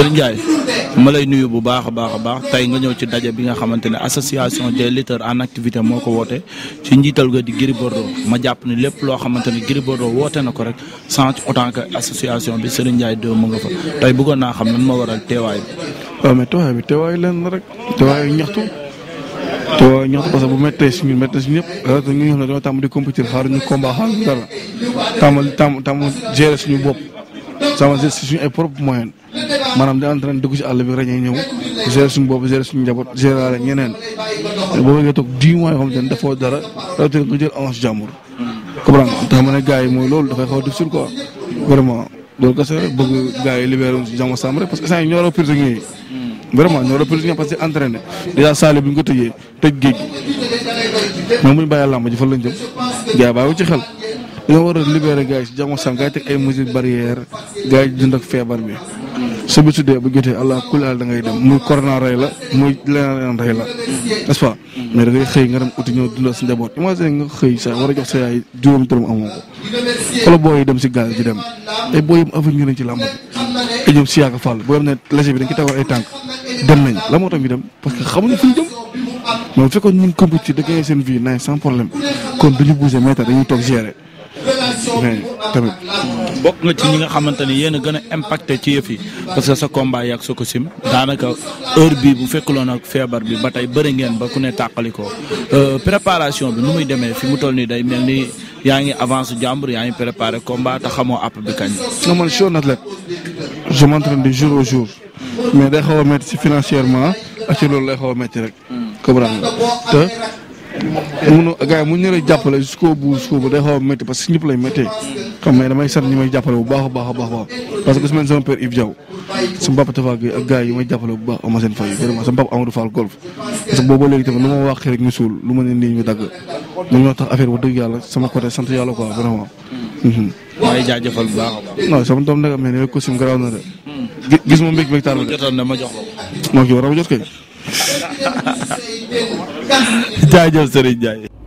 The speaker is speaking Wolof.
Serigne Ndiaye ma lay nuyu bu baax a baax a baax tey nga ñëw ci daje bi nga xamante ne association des lutteurs en activité moo ko woote ci njiital ga di Gris Bordeaux ma jàpp ne lépp loo xamante ne Gris woote na ko rek sans autant que association bi Serigne njaay doo mu nga fa tey bëggoon naa xam lan ma waral teewaay bi. waaw mais teewaay bi teewaay leen rek teewaay ñaxtu teewaay ñaxtu parce que bu méttee si ñun si ñëpp ñu ñoo xam ne dañoo tàmm di compétir xaaruñu combat xaaruñu dara tàmm suñu bopp. s'avancer si suñu ay propres moyens maanaam di entraîné dugg si àll bi rañee ñëw gérer suñu bopp gérer suñu njaboot gérer ñeneen boobu nga toog dix mois yoo xamante ne dafoo dara rawatina nga jël avance jàmbur. comprendre tax ma ne gars loolu dafay xaw a difficile quoi vraiment loolu kese rek bëgg gars yi libéré wu si jàmm sàmm rek parce que saa yi ñoo raw prisonnier yi vraiment ñoo raw prisonnier parce que entraîné dèjà saali bi ñu ko tëjee tëj géej fan lañ jëm gars dañoo war a libérer gars yi si jamono sànq gars teg ay mesures barrières gars yi dund ak feebar bi. su bi bu jotee allah kulli aal da ngay dem muy corona rey la muy leneen rey la n'est-ce pas. mais da ngay xëy nga dem uti ñëw dundal si njaboot imagine nga xëy sa war a jox sa yaay juróom dërëm amoo ko. wala booy yi si gaal ji dem ay booy ci làmb bi. te ñoom si bi dañ ci tegoon ay tànk dem nañ la moo tax ñu dem parce que xamuñu fu ñu jëm. mais bu fekkoon ñu ngi compétir da ngay seen vie naaj sans problème kon duñu bouger mais toog gérer. mais tamit bokk nga ci ñi nga xamante ne yéen a gën a impacté ci yëf yi parce que sa combat sa ko sim daanaka heure bi bu fekkuloon ak feebar bi ba tey bëri ngeen ba ku ne tàqalikoo euh, préparation bi nu muy demee fi mu toll nii day mel ni yaa ngi avance jàmbur yaa ngi préparé combat te xamoo app bi kañ. non man je suis un athlète je m'entraîne du jour au jour mais day xaw a métti si financièrement ak ci loolu lay xaw a métti rek. Hmm. comprendre munu gars yi mu ñu leen jàppale jusqu'au bout jusqu'au bout day xaw a parce que ñëpp lay méttee xam mais damay sant ñi may jàppale bu baax a baax a baax parce que su ma sama père Yves Diaw sama papa Tafa Gueye ak gars yi may jàppale bu baax ama seen fay vraiment sama papa parce que boobu léegi tamit lu ma waxee rek ñu suul lu ma leen nii ñu dagg ñoom ñoo tax affaire wax dëgg yàlla sama côté sant yàlla quoi vraiment. Mhm. maa ngi jaajëfal bu baax a baax. non ma jox jaajëf Serigne Ndiaye